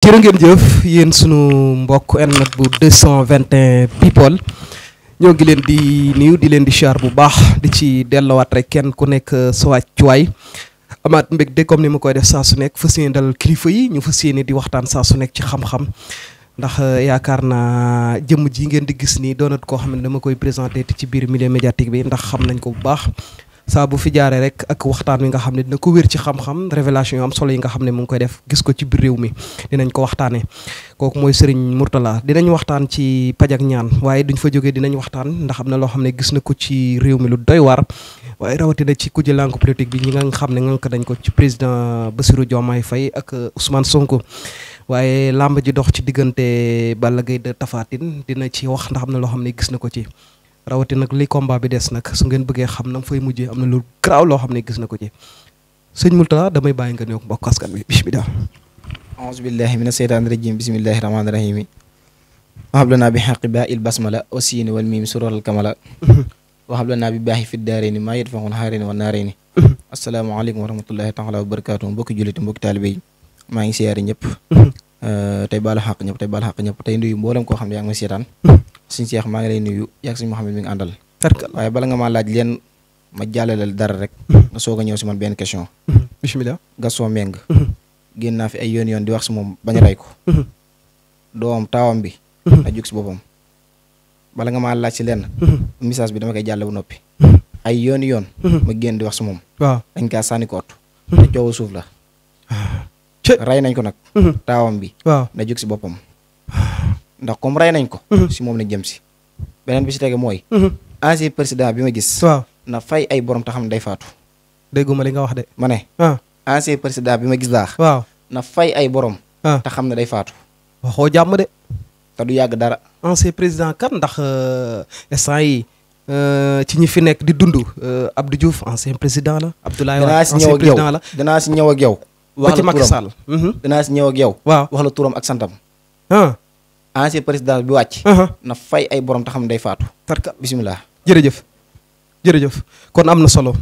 jërë ngeen jëf yéen sunu mbokk internet bu 221 people ñoo ngi leen di nuyu di leen di char bu baax di ci dellowaat rek kenn ku nekk uh, sa wàccuwaay amaat mbégte comme ni ma koy def saa su nekk fas yéene dal kilifa yi ñu fas yéene di waxtaan saa su nekk ci xam-xam ndax uh, yaakaar naa jëmm ji ngeen di gis nii doonat koo xam ne dama koy présenté ci biir milieu médiatique bi ndax xam nañ ko bu baax saa bu fi jaaree rek ak waxtaan wi nga xam ne dina ko wér ci xam-xam révélation am solo yi nga xam ne mu ngi koy def gis ko ci biir réew mi dinañ ko waxtaanee kooku mooy Serigne Mourtala dinañ waxtaan ci paj ñaan waaye duñ fa jógee dinañ waxtaan ndax am loo xam ne gis na ko ci réew mi lu doy waar waaye rawatina ci kujje langue politique bi ñi nga xam ne ngànk dañ ko ci président Bassirou Diomaye Faye ak Ousmane Sonko waaye làmb ji dox ci diggante Balla Gaye de Tapha dina ci wax ndax am na loo xam ne gis na ko ci rawati nag li combat bi des nag su ngeen bëggee xam na fay mujjee am na lu garaaw loo xam ne gis na ko ci sëñ Mourtada damay bàyyi nga nuyoog mbokk askan bi bismillah aouzu billahi mina seytaani rajim bismillahi rahmaani rahimi waxablanaa bi xaqi ba il basmala asiini wal miim sural kamala waxablanaa bi baaxi fi daareeni maa yet faxoon xaareeni wa naareeni asalaamaaleykum wa rahmatullahi taala wa barakaatu mbokki jullit mbokki taalibe yi maa ngi siyaare ñëpp uh, tey baalu xaq ñëpp tey baalu xaq ñëpp tey nuyu mboolem koo xam ne yaa ngi ma seetaan suñu seex maa ngi lay nuyu yàgg suñu Mouhamed mi ngi àndal. waaye bala nga maa laaj leen ma jàllaleel dara rek. Mhm. nga soog a ñëw si man benn question. Mhm. bisimilah. Gaston Mbengue. Mhm. fi ay yoon yoon di wax si moom a rey ko. doomam taawam bi. na jug si boppam. bala nga ma laaj si lenn. message bi dama koy jàll bu noppi. ay yoon yoon. ma génn di wax si moom. dañ kaa sànni ko ot. te suuf la. Ah. rey nañ ko nag. taawam bi. na jug si boppam. ndax comme rey nañ ko. Mhm. si moom la jëm si. beneen bi si tege mooy. Mhm. ancien président bi ma gis. waaw na fay ay borom ta xam ne day faatu. dégguma li nga wax de. ma ne. Ah. ancien président bi ma gis laax. waaw na fay ay borom. Ah. te xam ne day faatu. waxoo jàmm de. te du yàgg dara. ancien président kat ndax euh, instant yi euh, ci ñi fi nekk di dund euh, Abdou Diouf ancien président la. Abdoulaye Wade président la danaa si ñëw ak yow. danaa si ñëw ak yow. wax la turam ba mhm. ci ñëw ak yow. waaw wax la ak santam. Ah. ancien président bi wàcc. Uh-huh. na fay ay borom te xam ne day faatu. tarka bisimilah. jërëjëf jërëjëf kon am na solo.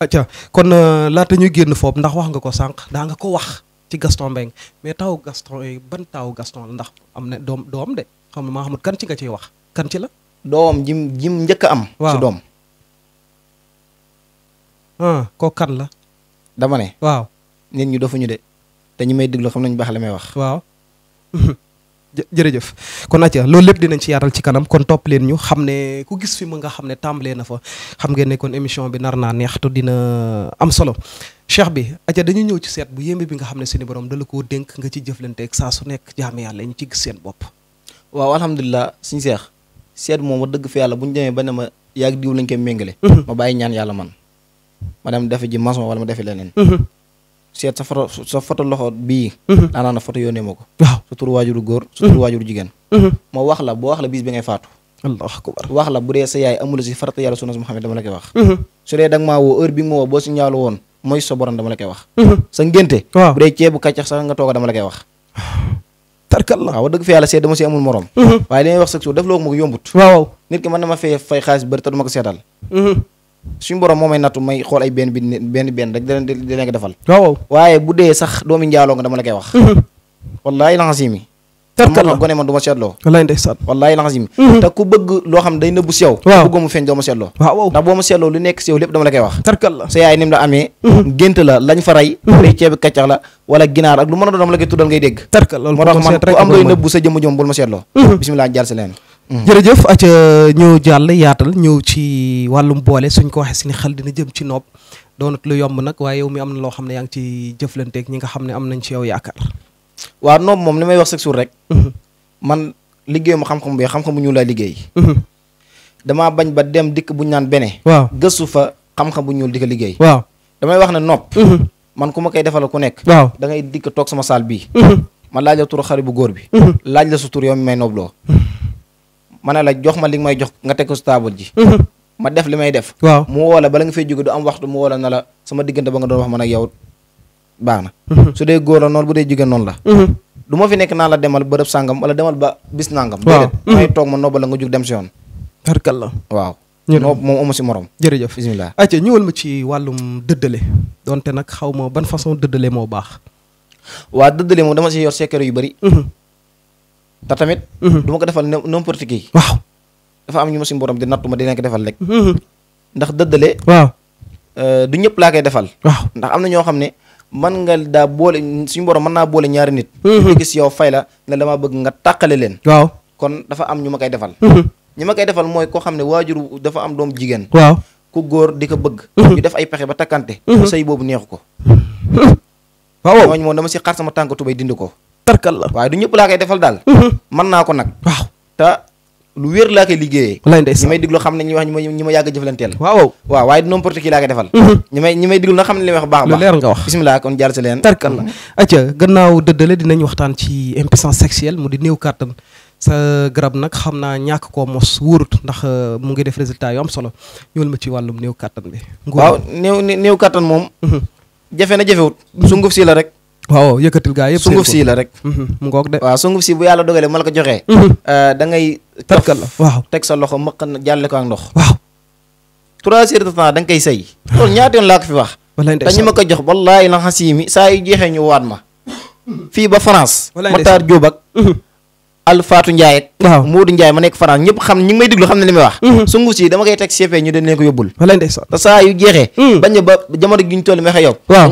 acca kon euh, laata ñuy génn foofu ndax wax nga ko sànq daa nga ko wax ci Gaston Mbengue mais taw Gaston yooyu euh, ban taw Gaston ndax am na doom doom de xam ne maa xamul kan ci nga ciy wax kanci la. doom jim jim njëkk am. waaw doom. ah kan la. dama ne. waaw nit ñi dofuñu de te ñi may déglu xam nañu baax la may wax. waaw. jërëjëf kon acca loolu lépp dinañ ci yaatal ci kanam kon topp leen ñu xam ne ku gis fi ma nga xam ne tàmbalee na fa xam ngeen ne kon émission bi nar naa neex to dina am solo cheikh bi acca dañu ñëw ci seet bu yéeme bi nga xam ne suñu borom dala koo dénk nga ci jëflanteeg saa su nekk jaami yàlla ñu ci gis seen bopp waaw alhamdulilah suñu seex seet moom wax dëgg fi yàlla bu ñu demee ba ne ma yaag diw lañ koy méngale ma bàyyi ñaan yàlla man ma dem defe ji wala ma defe leneen seet sa photo sa photo loxo bii daanaa na photo ma ko waaw sa tur waajuru góor sa mhm. tur waajuru jigéen mhm. ma wax la boo wax la bis bi ngay faatu allahu akbar wax la bu dee sa yaay amul si farata yàlla sunu Muhammad dama la koy wax mhm. su dee da nga maa woo heure bi nga ma woo boo si ñaalu woon mooy sa borom dama la koy wax sa ngénte bu dee ceebu kàccax sax nga tooga dama la koy wax tarkal la waaw dëgg fi yàlla seet dama si amul morom waaye li wax sax su def suñu borom moo may nattu may xool ay benn benn benn rek di di leen ko defal. waaw waaye bu dee sax doomi njaaloo nga dama la wax. Mhm. wallaahi laxasimi. tarkal la mhm. ku bëgg loo xam day nëbbu sew. waaw bëggoo mu feeñ doo ma seetloo. waaw ndax boo ma seetloo lu nekk la koy wax. tarkal la sa yaay ni mu mhm. lu mën a doon dama la koy ma seetloo. si leen jërëjëf aca ñëw jàll yaatal ñëw ci wàllum boole suñ ko waxee si ni xel dina jëm ci noob doonut lu yomb nag waaye yow mi am na loo xam ne yaa ngi ci jëflanteeg ñi nga xam ne am nañ ci yow yaakaar waaw noob moom li may wax chaque jour rek mhm. man liggéey xam-xam bi xam-xam bu ñuul laa liggéey mhm. damaa bañ ba dem dikk bu naan bene waaw fa xam-xam bu ñuul di ko liggéey waaw damay wax ne nopp mhm. man ku ma koy defal ku nekk waaw da ngay dikk toog sama saal bii man laaj la tur xari bi la ma ne la jox ma li nga may jox nga teg ko su taabal ji mhm. ma def li may def waaw mu woo la bala nga fay jóge du am waxtu mu woo la na la sama diggante ba nga doon wax ma na yow baax na mhm. su dee góor la noonu bu dee jigéen noonu la mhm. du ma fi nekk naa la demal bërëb sàngam wala demal ba bis nàngam déedéet may toog ma noobal la nga jóg dem si yoon barkalla waaw noo moom amu si morom jërëjëf bisimilah acca ñëwal ma ci wàllum dëddale donte nag xaw ma ban façon dëddale moo baax waa dëddale moom dama si yor secret yu bëri te tamit. Mhm. du ma ko defal n'importe qui. waaw dafa am ñu ma suñu di nattu ma dina ko defal rek. Mhm. ndax dëddale. Euh, du ñëpp laa koy defal. waaw ndax na ñoo xam ne man nga daa boole suñu borom mën naa boole ñaari nit. ñu mhm. gis yow fay la damaa bëgg nga tàqale leen. waaw kon dafa am ñu ma koy defal. ñi koy defal mooy koo xam ne waajur dafa am doom jigéen. waaw ku góor di ko bëgg. ñu def ay pexe ba takkante. sëy boobu neexu ko. waaw ñooñu moom dama si xar sama tànk tubay dindi ko. tarkal la waaye du ñëpp laa koy defal daal man naa ko nag waaw te lu wér laa koy liggéeyee wallaay ndeysaan ñi may diglu xam ne ñi wax ñi ma yàgg jëflanteel waaw waaw waaye du n'importe qui laa koy defal ñi may ñi may diglu na xam ne li may wax baax baax lu leer nga wax bisimilah acca gannaaw dëddale dinañ waxtaan ci impuissance sexuelle mu di néew kàttan sa garab nag xam naa ñàkk koo mos wóorut ndax euh, mu ngi def résultat yoo am solo ñëwal ma ci wàllum néew kàttan bi waaw néew néew kàttan moom jafe na jafewut sunguf si la rek waaw yëkkatil gaa yëpp sunguf si la rek mhm, mu ngoog de waaw sunguf si bu yàlla dogalee ma la joxee mhm. euh, da ngay tatkal la waaw teg sa loxo mëq na jàlle ko ak ndox waaw trois heures de temps da nga koy sëy loolu ñaata yoon laa ko fi wax dañu ma ko jox wallaahi la xasimi saa yu jeexee ñu waat ma mhm. fii ba France Matar Diop Alfatou Ndiaye waaw Modou Ndiaye ma nekk France ñëpp xam ñu ngi may déglu xam ne li may wax mhm. sungu si dama koy teg e mhm. ba jamono gi ñu toll ma xëy yow waaw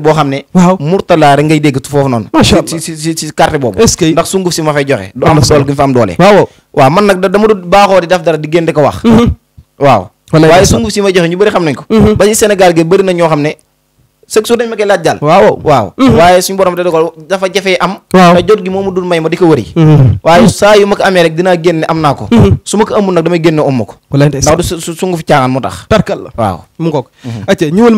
boo xam ne waaw Mourtala rek ngay dégg foofu noonu si si si boobu ndax sunguf si ma fay joxe du am doole gi ma fa am doole waaw waaw man nag dama dul baaxoo def dara di génn di ko wax mhm. waaw waaye sunguf si ma joxe ñu bëri xam nañ ko ba ci Sénégal gi bëri na ñoo xam ne chaque jour dañ ma koy laaj daal waaw waaw mhm. waaye suñu borom da dogal dafa jafee am te jot gi moomu dul may ma di ko wëri mhm. waaye saa yu ma ko amee rek dinaa génne am naa ko mhm. su ma ko amul nag damay génne am ma ko su ngu fi caaxaan moo tax tarkal la waaw mu ngoog acca ñëwal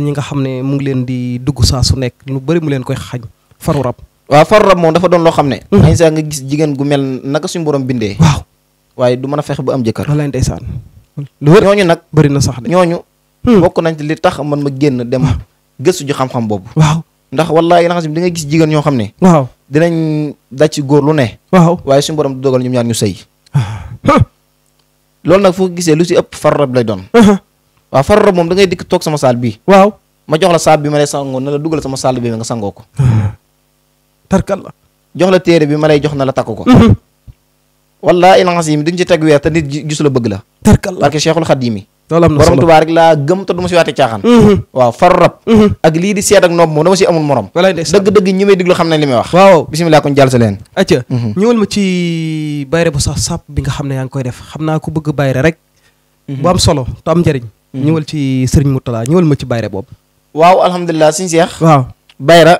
ñi nga xam ne mu ngi leen di dugg saa su nekk lu bëri mu leen koy xañ faru rab waaw faru rab moom dafa doon loo xam ne añ saa nga gis jigéen gu mel naka suñu borom bindee waaw waaye du mën a fexe ba am jëkkër walaay ndeysaan ñooñu nag bëri na sax de Hmm. bokk nañ ci li tax man ma génn dem gëstu ji xam-xam boobu waaw ndax wallaahi laxas bi di nga gis jigéen ñoo xam ne waaw dinañ daj ci góor lu ne waaw waaye suñu borom du dogal ñoom ñaar ñu sëy ah. loolu nag foo gisee lu si ëpp farrab la doon uh-huh. waaw farrab moom da ngay dikk toog sama saal bi waaw ma jox la saab bi ma lay sangoo na la dugal sama saal bi nga sangoo ko uh-huh. tarkal la jox la téere bi ma lay jox na la takk ko uh-huh. wallaahi laxas yi di nga ci teg weer te nit gisu la bëgg la tarkal la parce loolu am na borom Tuubaa rek laa gëm te du ma si waatee caaxaan mhm. waaw far rab mhm. ak lii di seet ak nopp moom dama si amul morom dëgg-dëgg ñi may diglu xam nañ li may wax waaw bisimilah kon jàll sa leen acca mhm. ñëwal ma ci bayre bu sax sàpp bi nga xam ne yaa ngi koy def xam naa bëgg bayre rek bu am solo te am njëriñ ñëwal ci sëriñ Mourtala ñëwal ma ci bayre boobu waaw alhamdulilah suñu seex waaw bayra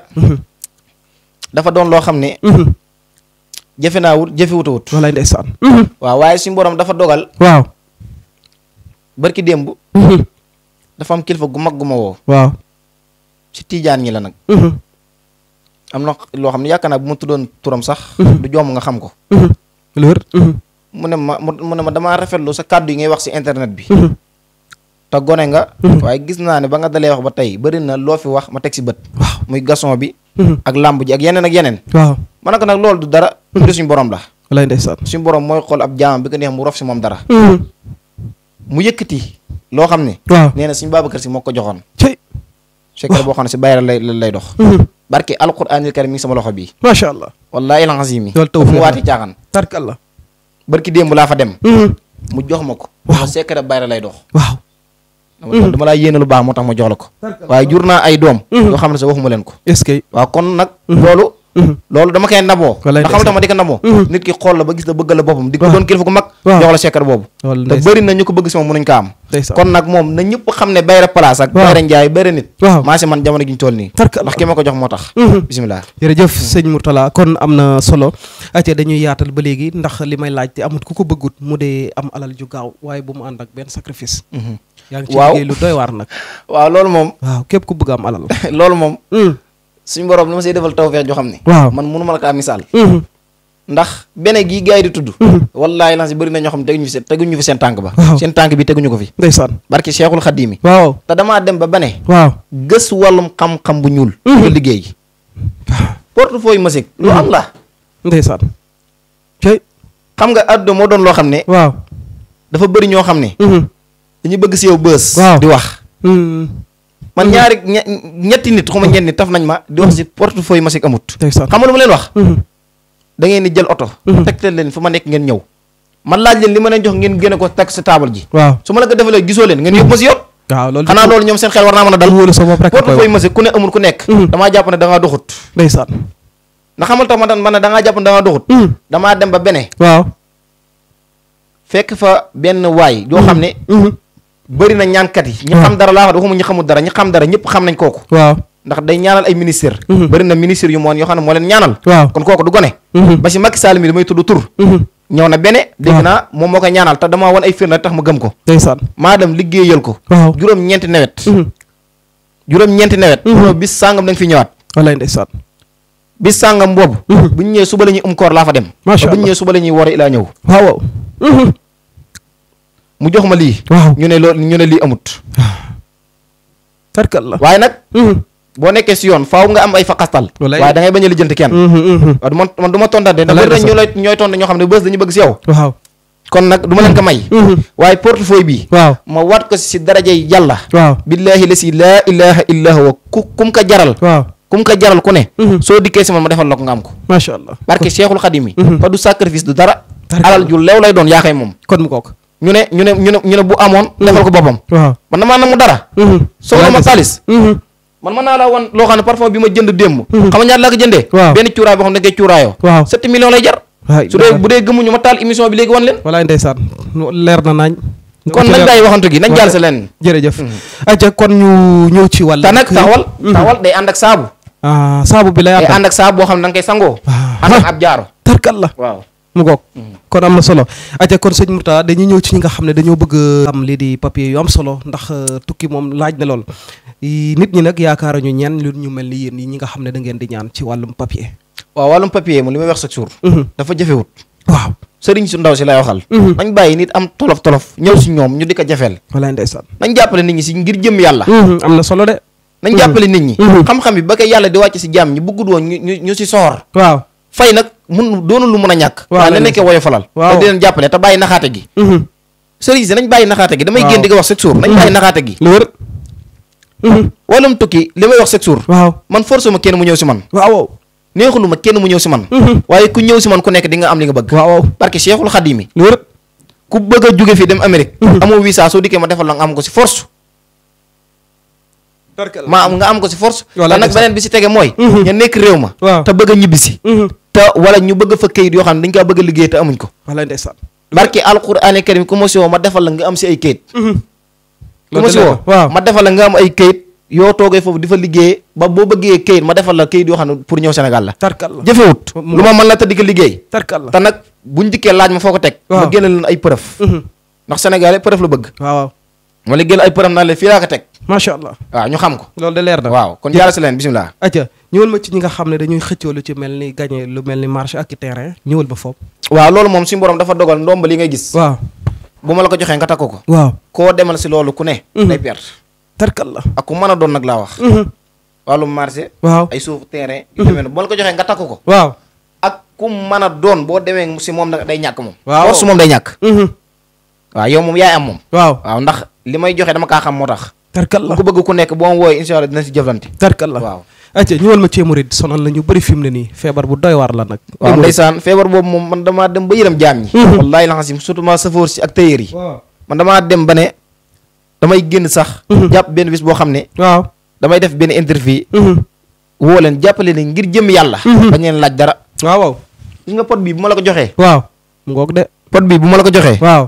dafa doon loo xam ne jafe naa wut jafewut a wut walaay ndeysaan waaw waaye suñu borom dafa dogal barki démb. Mhm. dafa am kilifa gu mag gu ma woo. waaw ci tiijaan ñi la nag. Mhm. am na loo xam ne yaakaar naa bu ma tuddoon turam sax. Mhm. du jomm nga xam ko. leer. mu ne ma mu ne ma damaa rafetlu sa kàddu yi ngay wax si internet bi. te gone nga. waaye gis naa ne ba nga dalee wax ba tey bëri na loo fi wax ma teg ci bët. waaw muy gason bi. ak làmb ji ak yeneen ak yeneen. waaw ma ne ko nag loolu du dara. mbiri suñu borom la. walaay ndeysaan suñu borom mooy xool ab jaam moom dara. mu yëkkati loo xam ne. waaw nee na suñu Babacar si moo ko joxoon. ci chèque boo xam ne si bayra lay lay dox. Mhm. barke alquranil karim mi ngi sama loxo bii. macha allah wallaahi alazim yi. loolu taw mu waati caaxaan. tark allah. barki démb laa fa dem. Mhm. mu jox ma ko. waaw secret bayra lay dox. waaw. dama mhm. laa yéene baax moo tax ma jox la ko. waaye jur naa ay doom. yoo xam ne sa waxuma leen ko. est kon nag. loolu. loolu dama koy naboo da xam tama di ko naboo nit ki xool la ba gis la bëgg la boppam di ko doon kilifa gu mag jox la sekkar boobu te bëri na ñu ko bëgg si man jamono gi ma ko jox moo tax bisimilah jërëjëf sëñ Mourtala kon am na solo ate dañuy yaatal ba ku ko bëggut mu dee alal ju gaaw waaye bu mu ànd ak benn sacrifice waaw loolu moom waaw képp ku bëgg am alal loolu moom suñu borom li ma see defal tawfeex joo xam ne. waaw man mënu ma la kaa misaal. Mm-hmm. ndax bene gii gars yi di tudd. Mm-hmm. wallaahi lan si bëri na ñoo xam teguñu fi seen teguñu fi seen tànk ba. seen tànk bi teguñu ko fi. ndeysaan barki Cheikhul Xadimi. waaw te damaa dem ba bane. waaw gës wàllum xam-xam bu ñuul. nga mm-hmm. liggéey. portefeuille musique. lu am la. ndeysaan. tey. xam nga àdduna moo doon loo xam ne. waaw dafa bëri ñoo xam ne. dañu bëgg si bës. di wax. man mhm. ñaari ñetti nit xuma ñeent nit taf nañ ma di wax si mhm. portefeuille Masik amut xam nga lu ma leen wax mhm. da ngeen di jël oto tegtal leen fu ma nekk ngeen ñëw man laaj leen li ma leen jox ngeen génne ko teg sa taabal ji waaw su ma la ko defalee gisoo leen ngeen yóbbu ma si yoon waaw loolu xanaa loolu ñoom seen xel war naa mën a dal portefeuille Masik ku ne amul ku nekk damaa jàpp ne da ngaa doxut ndeysaan ndax xamal tax ma tan man ne da ngaa jàpp ne da ngaa doxut damaa dem ba bene waaw fekk fa benn waay yoo xam ne bëri na ñaankat yi ñi hmm. xam dara laa wax waxuma ñi xamul dara ñi xam dara ñëpp xam nañ kooku ndax day ñaanal ay ministère hmm. bëri na ministère yu moon yoo xam ne moo leen ñaanal kon kooku du gone hmm. ba si Macky Sall mi damay tudd tur ñëw na bene dégg naa moom moo koy ñaanal te damaa wan ay firnde tax ma gëm ko maa dem liggéeyal ko juróom-ñeenti nawet juróom-ñeenti nawet bis sàngam da fi ñëwaat wallaay sàngam boobu bu ñu ñëwee suba la ñuy um koor laa fa dem macha allah bu ñu ñëwee la mu jox ma lii. waaw ñu ne loolu ñu ne lii amut. tarkal la waaye nag. boo nekkee si yoon faaw nga am ay faqastal waaye da ngay bañ a lijjanti kenn waaw du man man du ma tontaante da bëri ñu lay ñooy tont ñoo xam ne bés dañu bëgg si yow waaw kon nag du ma leen ko may waaye portefeuille bi waaw ma waat ko si darajey yàlla waaw billaahi la si laa ilaha illa ku kum ko jaral waaw kum ko jaral ku ne soo dikkee si man ma defal la ko nga am ko macha allah barke Cheikhul fa du sacrifice du dara alal ju leew lay doon yaa moom kon mu kook ñu ne ñu ne ñu ne ñu ne bu amoon. defal ko boppam. man damaa namu dara. Mhm. soxla ma xaalis. Mhm. man mën naa laa wan loo xam ne parfum bi ma jënd démb. Mhm. xam nga ñaata laa ko jëndee. waaw benn cuuraay boo xam ne da ngay lay jar. dee bu dee gëmuñu ma taal émission bi léegi wan leen. walaay ndeysaan leer na nañ. kon nañ daay waxantu gi nañ jàll si leen. jërëjëf. aja kon ñu ñëw ci wàll. te nag taxawal. taxawal day ànd ak saabu. Ah, saabu bi lay ànd ak saabu boo xam ne da nga koy sangoo. Ah. ànd ak ah. ab jaaro tarkal la waaw mu goog mm. kon am na solo aja kon sëñ Mourtada dañuy ñëw ci ñi nga xam ne dañoo bëgg euh, am lii di yu am solo ndax euh, tukki moom laaj na lool nit ñi nag yaakaar ñu ñeen lu ñu mel ni yéen yi nga xam ne di ñaan ci wàllum papier waaw wàllum papier moom li may mm-hmm. dafa jafewut waaw sëriñ su ndaw si lay waxal mm-hmm. nañ bàyyi nit am tolof tolof ñëw si ñoom ñu di ko jafeel walaay ndeysaan nañ jàppale nit ñi si ngir jëm yàlla mm-hmm. am na solo de nañ jàppale nit ñi xam-xam bi ba koy yàlla di wàcc si jàmm ñi bëggul woon ñu ñu si soor fay nag mun doonul lu mun a ñàkk waaw ne nekkee woyo falal te di leen jàppale te bàyyi naxaate gi mhm. sëriñ si nañ bàyyi naxaate gi damay génn di ko wax chaque jour nañ bàyyi mhm. naxaate gi lu wër mhm. wàllum tukki li may wax chaque jour man force ma kenn mu ñëw si man waaw neexulu ma kenn mu ñëw si man waaye ku ñëw si man ku nekk di nga am li nga bëgg waaw parce que Cheikhul Khadim lu wër ku bëgg a jóge fii dem Amérique amoo visa soo dikkee ma defal la nga am ko si force maa am nga am ko si force te nag beneen bi si tege mooy nekk réew ma te bëgg a te wala ñu bëgg fa kayit yoo xam ne dañ kaa bëgg liggéey te amuñ ko. wala ndeysaan. barke alquraan karim ku ma si woo ma defal la nga am si ay kayit. Mhm. ku ma si woo ma defal la nga am ay kayit. yoo toogee foofu di fa liggéey ba boo bëggee kayit ma defal la kayit yoo xam ne pour ñëw Sénégal la. tarkal la jëfewut. lu ma mën la te di ko liggéey. tarkal la te nag buñ dikkee laaj ma foo ko teg. ma génne leen ay preuve. Mhm. ndax Sénégal yi preuve la bëgg. waaw ma la génne ay preuve naa leen fii ko teg macha allah waaw ñu xam ko loolu de leer na waaw kon jàll si leen bisimilah aca ñëwal ma ci ñi nga xam ne dañuy xëccoo lu ci mel ni gagné lu mel ni marché ak i terrain ñëwal ba foofu waaw loolu moom suñu borom dafa dogal ndomba li ngay gis waaw bu ma la ko joxee nga takku ko waaw koo demal si loolu ku ne mhm. day perte tarkal la ku mën a doon nag laa wax mhm. wàllum marché ay suuf terrain mhm. yu demee bu ma ko joxee nga takku ko waaw ak ku mën a doon boo demee si moom nag day ñàkk moom waaw su moom day ñàkk waaw yow moom yaay am moom waaw waaw ndax li may joxe dama kaa xam moo tax tarkal la ku bëgg ku nekk boo ma wooyee incha allah dina si jëflante. tarkal la waaw. ayca ñëwal ma cee murid sonal la ñu bëri fi mu ne nii feebar bu doy waar la nag. waaw ndeysaan feebar boobu moom man damaa dem ba yëram jaam ñi. Mhm. la xasim surtout ma safoor si ak tailleur yi. damaa dem ba ne damay génn sax. Mhm. jàpp benn bis boo xam ne. waaw damay def benn interview. Mhm. woo leen jàppale leen ngir jëm yàlla. bañ leen laaj dara. waaw waaw. gis nga pot bii bu ma la ko joxee. waaw ngoog de. pot bii bu ma la ko joxee. waaw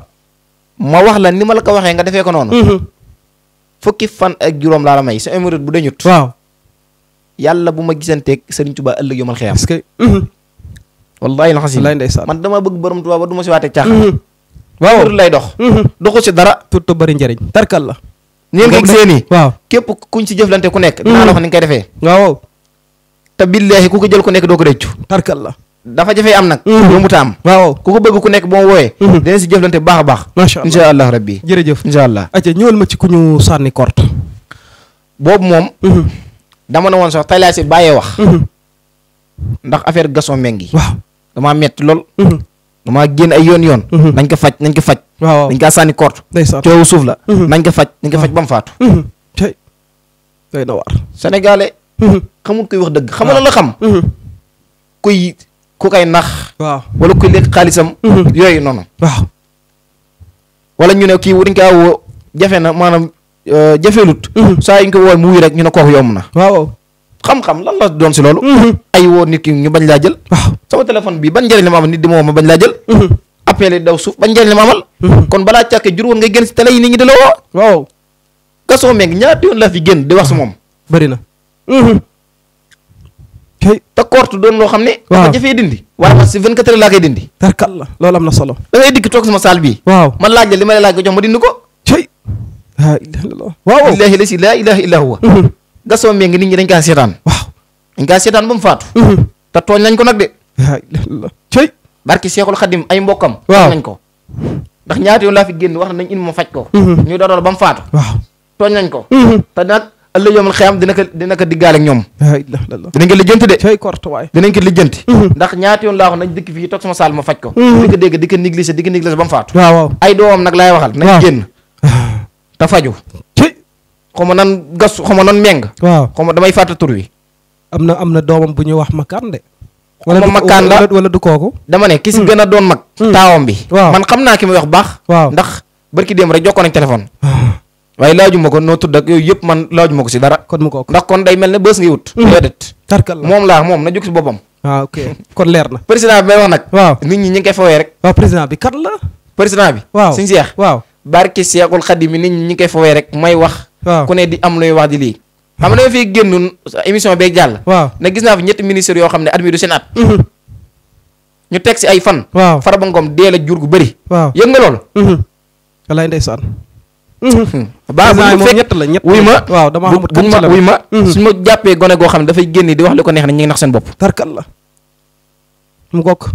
ma wax la ni ma la ko waxee nga defee ko noonu. fukki fan ak juróom laa la may sa émirate bu dañut waaw yàlla bu ma gisanteeg Serigne Touba ëllëg yomal xëyam est-ce que mhm. wallaahi laxasi man dama bëgg borom Touba ba du ma si waatee caaxaan mhm. waaw lay dox mhm. doxu si dara tut bari bëri njëriñ tarkal la neen nga gisee nii waaw képp kuñ si jëflante ku nekk dinaa la wax ni koy defee waaw te billaahi ku ko jël ku nekk doo ko rëccu tarkal la dafa jafe am nag. Mhm. mu ta am. waaw ku ko bëgg ku nekk boo wooyee. Mhm. dinañ si jëflante baax baax. macha allah incha allah rabbi. jërëjëf incha allah. acca ñëwal ma ci ku ñu sànni kort. boobu moom. Mhm. dama ne woon sax tey si bàyyee wax. ndax affaire Gaston Mbengue. waaw damaa metti lool. damaa génn ay yoon yoon. nañ ko faj nañ ko faj. waaw dañ kaa sànni kort. coow suuf la. nañ ko faj nañ ko faj ba mu faatu. tey day na wax dëgg. xamul la xam. kuy. ku koy nax. waaw wala kuy lekk xaalisam. Mhm. yooyu noonu. waaw wala ñu ne kii wutuñ kaa woo jafe na maanaam euh, jafelut. Mhm. saa yu ñu ko woo mu wuy rek ñu ne kooku yomb na. waaw xam-xam lan la doon si loolu. Mhm. ay woo nit ki ñu bañ laa jël. waaw sama téléphone bii ban njëriñ la ma amal nit di ma ma bañ laa jël. appelé daw suuf ban njëriñ la ma amal. kon balaa càkke jur woon ngay génn si télé yi nit ñi di la woo. waaw gasoo meeg ñaata yoon laa fi génn di wax si moom. bari na. te korte doon loo xam ne dafa jafee dindi waaye man si 24 heures laa koy dindi tarkalla loolu am na solo da dikk toog sama saal bi waaw man laaj la li ma lay laaj ko jox ma dindi ko cey laa ilaha illallah waaw illaahi la si laa ilaha illa huwa mhm. gasoo mee ngi nit ñi dañ kaa seetaan waaw dañ kaa seetaan ba faatu mhm. te tooñ nañ ko nag de laa ilaha ay mbokkam tooñ nañ ko ndax ñaata yoon laa génn wax nañ in ma ko mhm. ñu doodool ba nag ëllëg yoomal xiyam dina ko dina ko diggaale ak ñoom dinañ ko lijjanti de dinañ ko lijjanti mhm. ndax ñaati yoon laa wax nañ dëkk fii toog sama saal ma faj ko mhm. di dégg di ko négligé di ko négligé ba mu faatu ay doomam nag laay waxal nañ génn te faju xaw ma nan gas xaw ma nan meng waaw xaw damay fàtte tur wi am na am na doomam bu ñuy wax makaan de wala makkaan la wala du kooku dama ne ki si hmm. gën a doon mag hmm. taawam bi man xam naa ki muy wax baax waaw ndax barki démb rek jokkoo nañ téléphone waaye laajuma ko noo tudd ak yooyu yëpp man laajuma ko si dara. kon mu ko ndax kon day mel ni bës ngay wut. Mm. moom laa moom na jóg si boppam. waaw ah, ok kon leer na. président bi may wax nag. waaw nit ñi ñi ngi koy fawee rek. waaw bi kat la. président bi. waaw seex. waaw barki seexul xadim yi nit ñi ngi koy fawee rek may wax. waaw ku ne di am luy wax di lii. xam nga da fiy génn émission beeg jàll. waaw na gis naa fi ñetti ministres yoo xam ne at mi du seen at. Mm-hmm. ñu teg si ay fan. waaw Farba Ngom dee la jur gu bëri. waaw yëg nga loolu. Mm-hmm. walaay ndeysaan Hmm. base moom ñett la ñett wuy ma waaw dama xamut ma hmm. ma jàppee gone goo xam ne dafay génn di wax li ko neex ne ñu nax seen bopp tarkal la mu gokk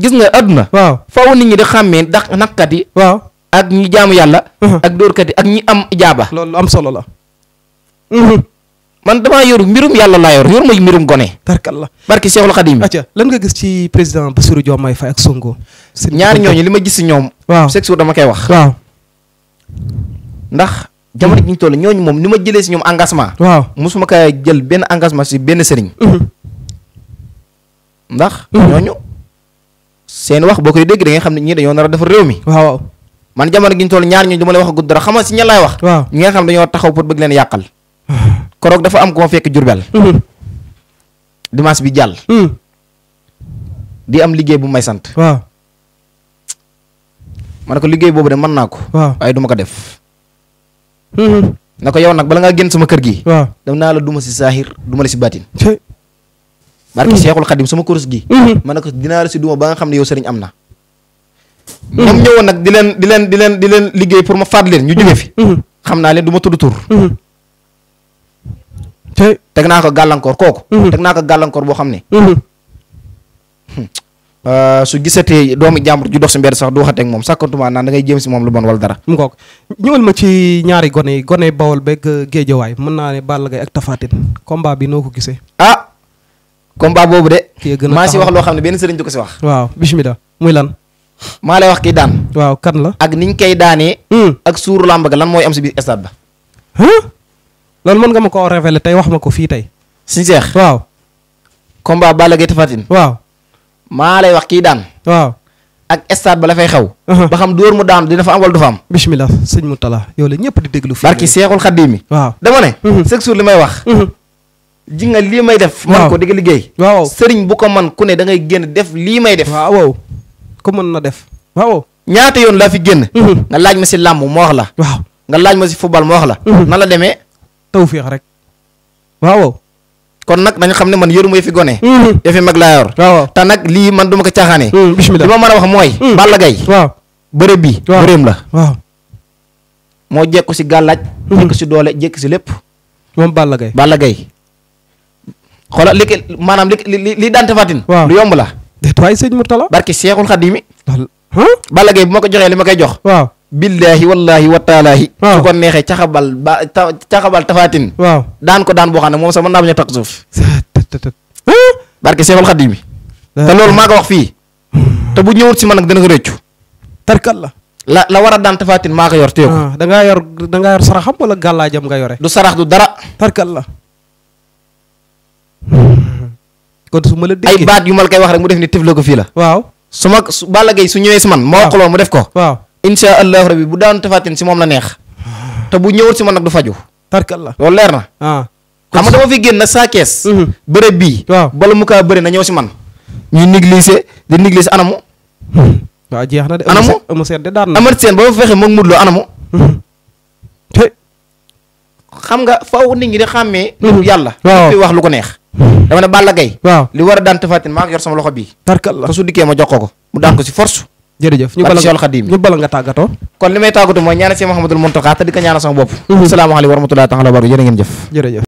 gis nga adduna waaw faw nit ñi di xàmmee dax naqkat yi waaw ak ñi jaamu yàlla hmm. ak dóorkat yi ak ñu am ijaaba loolu am solo la man damaa yoru mbirum yàlla laa yor yor mooy mbirum gone tarkal la barki Seexul Xadim acca lan nga gis ci président Bassirou Diomaye Faye ak Sonko ñaari ñooñu li ma gis si ñoom waaw dama koy wax ndax jamono ji ñu toll ñooñu moom ni ma jëlee si ñoom engagement. waaw mosuma kaa jël benn engagement si benn sëriñ. ndax. ñooñu seen wax boo koy dégg da nga xam ne ñi dañoo nara a defar réew mi. man jamono gi ñu toll ñaar ñooñu dama lay wax gudd dara xamal si ñan laay wax. waaw nga xam dañoo taxaw pour bëgg leen yàqal. koroog dafa am koo ma fekk Jurbel. dimanche bi jàll. di am liggéey bu may sant. man ma ko liggéey boobu de mën naa ko. waaye duma ko def. Mhm. na ko yow nag bala ngaa génn sama kër gi waaw dam naa la duma si saaxir duma la si baatin barke Seexul mhm. Xadim sama kurus gi mhm. ma ne ko dinaa la si duma ba xam ne yow sëriñ am na moom nag di leen di leen di leen di leen liggéey pour ma faat leen ñu jóge fi xam naa leen du ma tudd tur teg naa ko gàllankoor kooku teg naa ko gàllankoor boo xam ne Euh, su gisatee doomu jàmbur ju dox si mbedd sax du waxateeg moom sàkkantuma naan da ngay jéem si moom lu bon wala dara mu ngoog ma ci ñaari gone yi gone bawol beeg euh, géejawaay mën naa ne Balla ak Tapha Tine bi noo ko gisee ah combat boobu de maa si wax loo xam ne benn sëriñ du ko si wax waaw bismillah muy lan maa lay wax kii daan waaw kan la ak niñ koy daanee hmm. ak suuru làmb lan mooy am si biir stade mën nga ma koo révéler tey wax ma ko fii tey siñ seex waaw combat Balla Gaye Tapha waaw maa lay wax kii daan. waaw ak stade ba la fay xew. Uh-huh. ba xam dóor mu daan dina fa am wala du fa am. bisimilah sëñ Moutala yow la ñëpp di déglu. fii barki Seexul Xadiim mi. waaw dama ne. Uh-huh. chaque jour li may wax. Uh-huh. ji nga lii may def. man ko digg liggéey. sëriñ bu ko man ku ne da ngay génn def lii may def. waaw ko mën na def. waaw ñaata yoon laa fi génn. nga laaj ma si làmb moo wax la. waaw nga laaj ma si football moo wax la. na la demee. tawféex rek kon nag nañu xam ne man yoruma yëfi gone mhm. yëfi mag laa yor te nag lii man duma ko caaxaane mhm, bismillah li ma mën a wax mooy mhm. Balla gay waaw bërëb bi bërëm la waaw moo jekku si gàllaaj jekku si doole jekku si lépp moom Balla Gaye Balla Gaye xoolal li maanaam li li daan Tapha Tine lu yomb la déet waay sëñ Mourtala barki Seexul Xadiimi Balla Gaye bu ma ko joxee li ma koy jox billaahi wallaahi wataalaahi su ko neexee caxabal ba caxabal tafaatin waaw daan ko daan boo xam ne moom sax mën naa bañ a takk suuf ah! barke seexul xaddim bi te loolu maa ko wax fii te bu ñëwut si man nag dana ko rëccu la la la war a daan tafaatin maa ko yor téye ko ah, yor da ngaa yor saraxam wala gàllaajam nga yore du sarax du dara tarkal la kon su ma la déggee baat yu ma la wax rek mu def ni tëf ko fii la waaw su ma Balla Gaye su ñëwee si man moo wax ko def ko incha allahu rabi bu daan tafaatin si moom la neex te bu ñëwul si man nag du faju tarkalla loolu leer na ah. xam nga dama fi génn saa mhm. bëre bii waaw bala mu kaa bëri na ñëw si man ñuy négliger di négliger anamu hmm. waaw jeex na de anamu ama seen de daan na amat seen ba ma fexe moom hmm. mudloo xam nga faw nit ngi di xàmmee hmm. nitu yàlla fi wax lu ko neex dama ne Balla Gaye waaw li war a daan tafaatin maa yor sama loxo bii tarkalla te su dikkee ma jox ko ko mu daan ko si force jërëjëf ñu bala ñu bala nga tàggatoo kon li may tàggatu mooy ñaanal si Mouhamadul Mountakha te di ko ñaanal sama bopp mhm. asalaamaaleykum wa rahmatullahi taala wa barakatuh jërë ngeen jëf